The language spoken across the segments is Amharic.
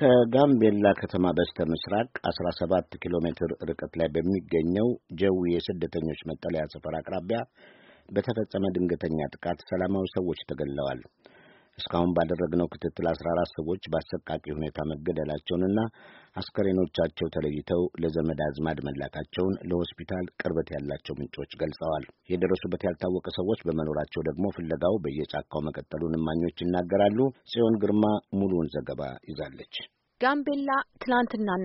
ከጋምቤላ ከተማ በስተ ምስራቅ 17 ኪሎ ሜትር ርቀት ላይ በሚገኘው ጀዊ የስደተኞች መጠለያ ሰፈር አቅራቢያ በተፈጸመ ድንገተኛ ጥቃት ሰላማዊ ሰዎች ተገለዋል። እስካሁን ባደረግነው ክትትል አስራ አራት ሰዎች በአሰቃቂ ሁኔታ መገደላቸውንና አስከሬኖቻቸው ተለይተው ለዘመድ አዝማድ መላካቸውን ለሆስፒታል ቅርበት ያላቸው ምንጮች ገልጸዋል። የደረሱበት ያልታወቀ ሰዎች በመኖራቸው ደግሞ ፍለጋው በየጫካው መቀጠሉን እማኞች ይናገራሉ። ጽዮን ግርማ ሙሉውን ዘገባ ይዛለች። ጋምቤላ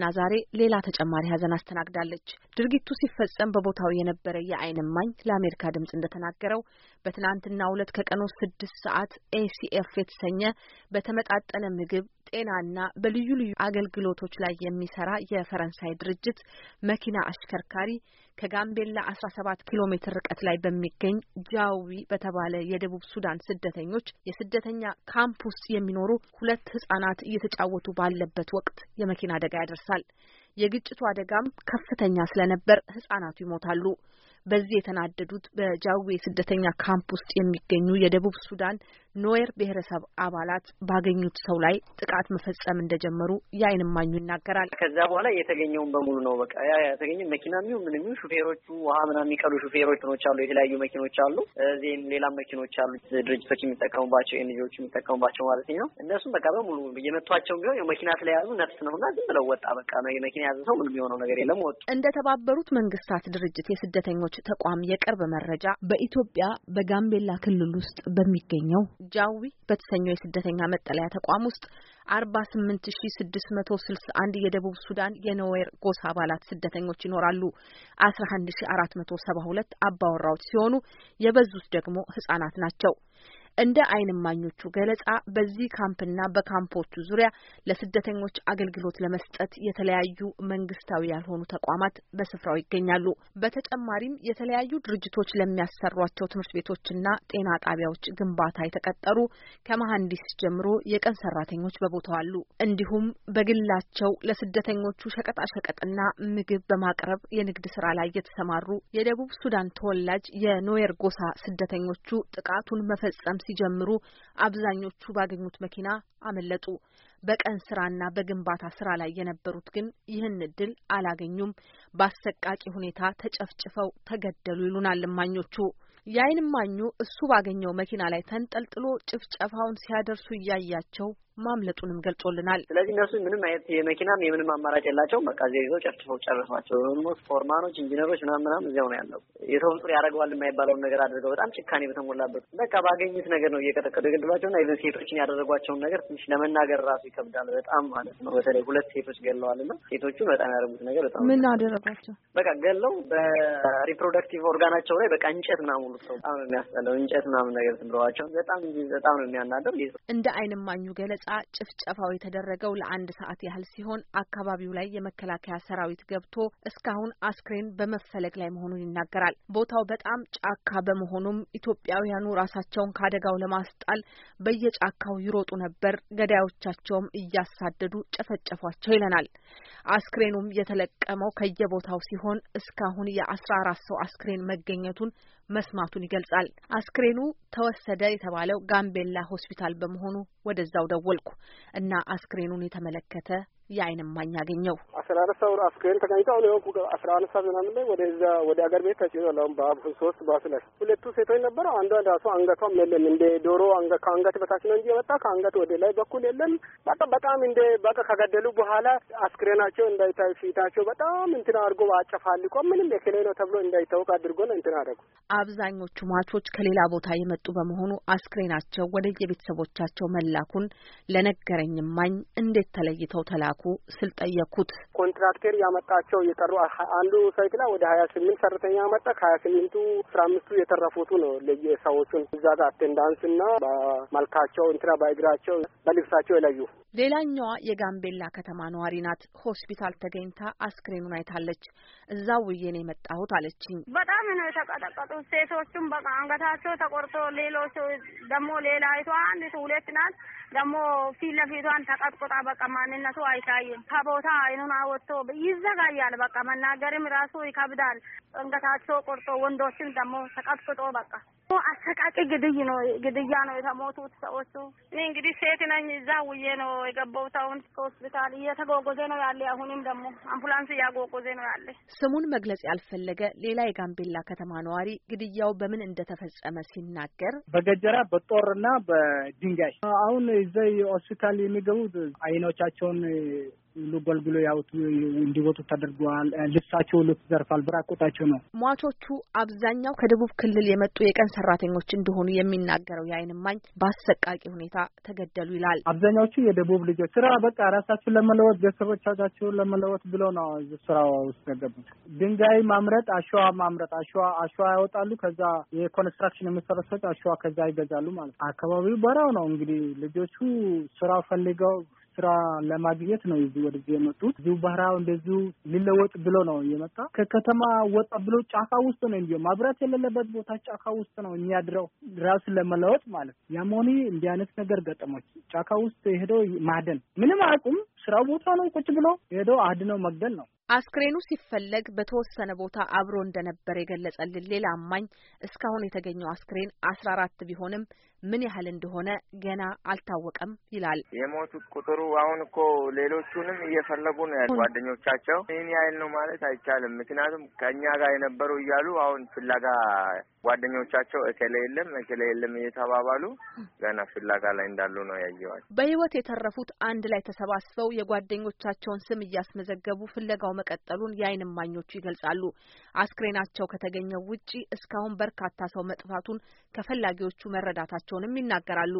ና ዛሬ ሌላ ተጨማሪ ሀዘን አስተናግዳለች። ድርጊቱ ሲፈጸም በቦታው የነበረ የአይን እማኝ ለአሜሪካ ድምጽ እንደተናገረው በትናንትናው ዕለት ከቀኑ ስድስት ሰዓት ኤሲኤፍ የተሰኘ በተመጣጠነ ምግብ ጤናና በልዩ ልዩ አገልግሎቶች ላይ የሚሰራ የፈረንሳይ ድርጅት መኪና አሽከርካሪ ከጋምቤላ 17 ኪሎ ሜትር ርቀት ላይ በሚገኝ ጃዊ በተባለ የደቡብ ሱዳን ስደተኞች የስደተኛ ካምፕ ውስጥ የሚኖሩ ሁለት ህጻናት እየተጫወቱ ባለበት ወቅት የመኪና አደጋ ያደርሳል። የግጭቱ አደጋም ከፍተኛ ስለነበር ህጻናቱ ይሞታሉ። በዚህ የተናደዱት በጃዌ ስደተኛ ካምፕ ውስጥ የሚገኙ የደቡብ ሱዳን ኖዌር ብሔረሰብ አባላት ባገኙት ሰው ላይ ጥቃት መፈጸም እንደጀመሩ የዓይን እማኙ ይናገራል። ከዛ በኋላ የተገኘውን በሙሉ ነው በቃ ያ የተገኘ መኪና ሚሁ ምን ሚሁ ሹፌሮቹ ውሃ ምና የሚቀሉ ሹፌሮች ኖች አሉ፣ የተለያዩ መኪኖች አሉ፣ እዚህም ሌላም መኪኖች አሉ፣ ድርጅቶች የሚጠቀሙባቸው ኤንጂዎች የሚጠቀሙባቸው ማለት ነው። እነሱም በቃ በሙሉ የመቷቸውን ቢሆን መኪና ስለያዙ ነፍስ ነው ነውና ዝም ብለው ወጣ በቃ ነው የመኪና የያዘ ሰው ምንም የሆነው ነገር የለም ወጡ። እንደተባበሩት መንግስታት ድርጅት የስደተኞች ተቋም የቅርብ መረጃ በኢትዮጵያ በጋምቤላ ክልል ውስጥ በሚገኘው ጃዊ በተሰኘው የስደተኛ መጠለያ ተቋም ውስጥ አርባ ስምንት ሺ ስድስት መቶ ስልሳ አንድ የደቡብ ሱዳን የነዌር ጎሳ አባላት ስደተኞች ይኖራሉ። አስራ አንድ ሺ አራት መቶ ሰባ ሁለት አባወራዎች ሲሆኑ የበዙት ደግሞ ህጻናት ናቸው። እንደ አይን ማኞቹ ገለጻ በዚህ ካምፕና በካምፖቹ ዙሪያ ለስደተኞች አገልግሎት ለመስጠት የተለያዩ መንግስታዊ ያልሆኑ ተቋማት በስፍራው ይገኛሉ። በተጨማሪም የተለያዩ ድርጅቶች ለሚያሰሯቸው ትምህርት ቤቶችና ጤና ጣቢያዎች ግንባታ የተቀጠሩ ከመሐንዲስ ጀምሮ የቀን ሰራተኞች በቦታው አሉ። እንዲሁም በግላቸው ለስደተኞቹ ሸቀጣሸቀጥና ምግብ በማቅረብ የንግድ ስራ ላይ የተሰማሩ የደቡብ ሱዳን ተወላጅ የኖየር ጎሳ ስደተኞቹ ጥቃቱን መፈጸም ሲጀምሩ አብዛኞቹ ባገኙት መኪና አመለጡ። በቀን ስራና በግንባታ ስራ ላይ የነበሩት ግን ይህን እድል አላገኙም። በአሰቃቂ ሁኔታ ተጨፍጭፈው ተገደሉ ይሉናል እማኞቹ። የአይን እማኙ እሱ ባገኘው መኪና ላይ ተንጠልጥሎ ጭፍጨፋውን ሲያደርሱ እያያቸው ማምለጡንም ገልጾልናል። ስለዚህ እነሱ ምንም አይነት የመኪናም የምንም አማራጭ የላቸውም። በቃ እዚያ ይዘው ጨፍጭፈው ጨረሷቸው። ኦልሞስት ፎርማኖች፣ ኢንጂነሮች ምናምን ምናምን እዚያው ነው ያለው። የሰው ፍጡር ያደርገዋል የማይባለውን ነገር አድርገው በጣም ጭካኔ በተሞላበት በቃ ባገኙት ነገር ነው እየቀጠቀዱ የገድሏቸውና ይዘን ሴቶችን ያደረጓቸውን ነገር ትንሽ ለመናገር ራሱ ይከብዳል በጣም ማለት ነው። በተለይ ሁለት ሴቶች ገለዋል ገለዋልና ሴቶቹ በጣም ያደረጉት ነገር በጣም ምን አደረጓቸው? በቃ ገለው በሪፕሮዳክቲቭ ኦርጋናቸው ላይ በቃ እንጨት ምናምን ሁሉ ሰው በጣም ነው የሚያስጠላው። እንጨት ምናምን ነገር ትምረዋቸው በጣም በጣም ነው የሚያናደር። እንደ አይን ማኙ ገለጻ ጭፍጨፋው የተደረገው ለአንድ ሰዓት ያህል ሲሆን አካባቢው ላይ የመከላከያ ሰራዊት ገብቶ እስካሁን አስክሬን በመፈለግ ላይ መሆኑን ይናገራል። ቦታው በጣም ጫካ በመሆኑም ኢትዮጵያውያኑ ራሳቸውን ከአደጋው ለማስጣል በየጫካው ይሮጡ ነበር። ገዳዮቻቸውም እያሳደዱ ጨፈጨፏቸው ይለናል። አስክሬኑም የተለቀመው ከየቦታው ሲሆን እስካሁን የአስራ አራት ሰው አስክሬን መገኘቱን መስማቱን ይገልጻል። አስክሬኑ ተወሰደ የተባለው ጋምቤላ ሆስፒታል በመሆኑ ወደዛው ደወልኩ እና አስክሬኑን የተመለከተ የዓይን እማኝ አገኘው። አስራ አራት ሰው አስክሬን ተገኝቶ አሁን የሆንኩ አስራ አራት ሰዓት ምናምን ላይ ወደዛ ወደ ሀገር ቤት ተጭኗል። አሁን በአብሁ ሶስት ባስ ላይ ሁለቱ ሴቶች ነበረ። አንዷ ራሱ አንገቷም የለም እንደ ዶሮ ከአንገት በታች ነው እንጂ የመጣ ከአንገት ወደ ላይ በኩል የለም። በቃ በጣም እንደ በቃ ከገደሉ በኋላ አስክሬናቸው እንዳይታይ ፊታቸው በጣም እንትን አድርጎ አጨፋልቆ ምንም የክሌ ነው ተብሎ እንዳይታወቅ አድርጎ ነው እንትን አደረጉ። አብዛኞቹ ሟቾች ከሌላ ቦታ የመጡ በመሆኑ አስክሬናቸው ወደ የቤተሰቦቻቸው መላኩን ለነገረኝ እማኝ እንዴት ተለይተው ተላኩ እንዲላኩ ስል ጠየቅኩት። ኮንትራክተር ያመጣቸው የቀሩ አንዱ ሳይት ላይ ወደ ሀያ ስምንት ሰራተኛ መጣ። ከሀያ ስምንቱ አስራ አምስቱ የተረፉቱ ነው ለየሰዎቹን እዛ ጋር አቴንዳንስ እና በመልካቸው እንትና በእግራቸው በልብሳቸው የለዩ። ሌላኛዋ የጋምቤላ ከተማ ነዋሪ ናት። ሆስፒታል ተገኝታ አስክሬኑን አይታለች። እዛው ውዬን የመጣሁት አለችኝ። በጣም ነው የተቀጠቀጡት ሴቶቹም በቃ አንገታቸው ተቆርጦ፣ ሌሎቹ ደግሞ ሌላ አይቷ አንድ ሁለት ናት ደግሞ ፊት ለፊቷን ተቀጥቆጣ በቃ ማንነቱ አይታ አይታይም። ከቦታ አይኑን አወጥቶ ይዘጋያል። በቃ መናገርም ራሱ ይከብዳል። አንገታቸው ቆርጦ ወንዶችም ደግሞ ተቀጥቅጦ በቃ አሰቃቂ ግድይ ነው ግድያ ነው የተሞቱት ሰዎቹ። እኔ እንግዲህ ሴት ነኝ። እዛ ውዬ ነው የገባሁት። አሁን ከሆስፒታል እየተጓጓዜ ነው ያለ። አሁንም ደግሞ አምቡላንስ እያጓጓዜ ነው ያለ። ስሙን መግለጽ ያልፈለገ ሌላ የጋምቤላ ከተማ ነዋሪ ግድያው በምን እንደተፈጸመ ሲናገር በገጀራ በጦርና በድንጋይ አሁን እዛ ሆስፒታል የሚገቡት አይኖቻቸውን ጎልጉሎ ያወጡ እንዲወጡ ተደርገዋል። ልብሳቸው ሁሉ ተዘርፏል። ብራቆታቸው ነው። ሟቾቹ አብዛኛው ከደቡብ ክልል የመጡ የቀን ሰራተኞች እንደሆኑ የሚናገረው የአይን እማኝ በአሰቃቂ ሁኔታ ተገደሉ ይላል። አብዛኛዎቹ የደቡብ ልጆች ስራ በቃ ራሳቸውን ለመለወጥ ቤተሰቦቻቸውን ለመለወጥ ብሎ ነው ስራ ውስጥ የገቡት። ድንጋይ ማምረት፣ አሸዋ ማምረት፣ አሸዋ አሸዋ ያወጣሉ። ከዛ የኮንስትራክሽን የሚሰሩ ሰዎች አሸዋ ከዛ ይገዛሉ ማለት አካባቢው በራው ነው እንግዲህ ልጆቹ ስራ ፈልገው ስራ ለማግኘት ነው እዚህ ወደዚህ የመጡት። እዚሁ ባህራው እንደዚሁ ሊለወጥ ብሎ ነው የመጣ። ከከተማ ወጣ ብሎ ጫካ ውስጥ ነው እንዲ ማብራት የሌለበት ቦታ ጫካ ውስጥ ነው የሚያድረው ራሱ ለመለወጥ ማለት። ያመሆኒ እንዲህ አይነት ነገር ገጠሞች ጫካ ውስጥ ሄደው ማደን ምንም አያውቁም። ስራው ቦታ ነው። ቁጭ ብሎ ሄዶ አድነው መግደል ነው። አስክሬኑ ሲፈለግ በተወሰነ ቦታ አብሮ እንደነበር የገለጸልን ሌላ አማኝ እስካሁን የተገኘው አስክሬን አስራ አራት ቢሆንም ምን ያህል እንደሆነ ገና አልታወቀም ይላል። የሞቱት ቁጥሩ አሁን እኮ ሌሎቹንም እየፈለጉ ነው ያሉ ጓደኞቻቸው። ይህን ያህል ነው ማለት አይቻልም። ምክንያቱም ከእኛ ጋር የነበሩ እያሉ አሁን ፍለጋ ጓደኞቻቸው እከሌ የለም እከሌ የለም እየተባባሉ ገና ፍላጋ ላይ እንዳሉ ነው ያየዋል። በህይወት የተረፉት አንድ ላይ ተሰባስበው የጓደኞቻቸውን ስም እያስመዘገቡ ፍለጋው መቀጠሉን የዓይን እማኞቹ ይገልጻሉ። አስክሬናቸው ከተገኘው ውጪ እስካሁን በርካታ ሰው መጥፋቱን ከፈላጊዎቹ መረዳታቸውንም ይናገራሉ።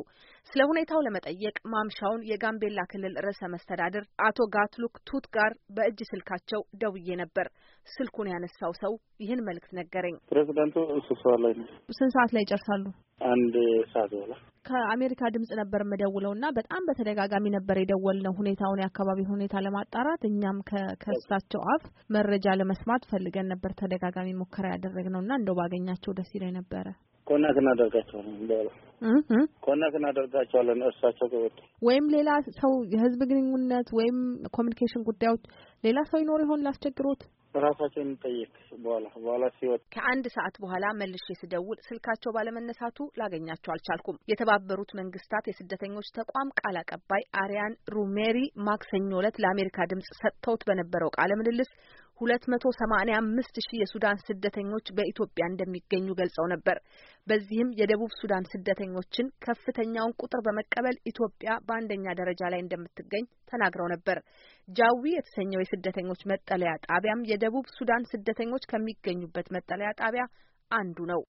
ስለ ሁኔታው ለመጠየቅ ማምሻውን የጋምቤላ ክልል ርዕሰ መስተዳድር አቶ ጋትሉክ ቱት ጋር በእጅ ስልካቸው ደውዬ ነበር። ስልኩን ያነሳው ሰው ይህን መልእክት ነገረኝ። ፕሬዚደንቱ ሰዓት ላይ ነው። ስንት ሰዓት ላይ ይጨርሳሉ? አንድ ሰዓት በኋላ ከአሜሪካ ድምጽ ነበር የምደውለው እና በጣም በተደጋጋሚ ነበር የደወልነው ሁኔታውን የአካባቢ ሁኔታ ለማጣራት እኛም ከእሳቸው አፍ መረጃ ለመስማት ፈልገን ነበር ተደጋጋሚ ሙከራ ያደረግነው እና እንደው ባገኛቸው ደስ ይለኝ ነበረ። ኮናት እናደርጋቸዋለን በኋላ ኮነት እናደርጋቸዋለን እርሳቸው ከወጡ ወይም ሌላ ሰው የህዝብ ግንኙነት ወይም ኮሚኒኬሽን ጉዳዮች ሌላ ሰው ይኖር ይሆን ላስቸግሮት ራሳቸው እንጠይቅ። በኋላ በኋላ ሲወጥ ከአንድ ሰዓት በኋላ መልሼ ስደውል ስልካቸው ባለመነሳቱ ላገኛቸው አልቻልኩም። የተባበሩት መንግስታት የስደተኞች ተቋም ቃል አቀባይ አሪያን ሩሜሪ ማክሰኞ ዕለት ለአሜሪካ ድምጽ ሰጥተውት በነበረው ቃለ ምልልስ ሁለት መቶ ሰማኒያ አምስት ሺህ የሱዳን ስደተኞች በኢትዮጵያ እንደሚገኙ ገልጸው ነበር። በዚህም የደቡብ ሱዳን ስደተኞችን ከፍተኛውን ቁጥር በመቀበል ኢትዮጵያ በአንደኛ ደረጃ ላይ እንደምትገኝ ተናግረው ነበር። ጃዊ የተሰኘው የስደተኞች መጠለያ ጣቢያም የደቡብ ሱዳን ስደተኞች ከሚገኙበት መጠለያ ጣቢያ አንዱ ነው።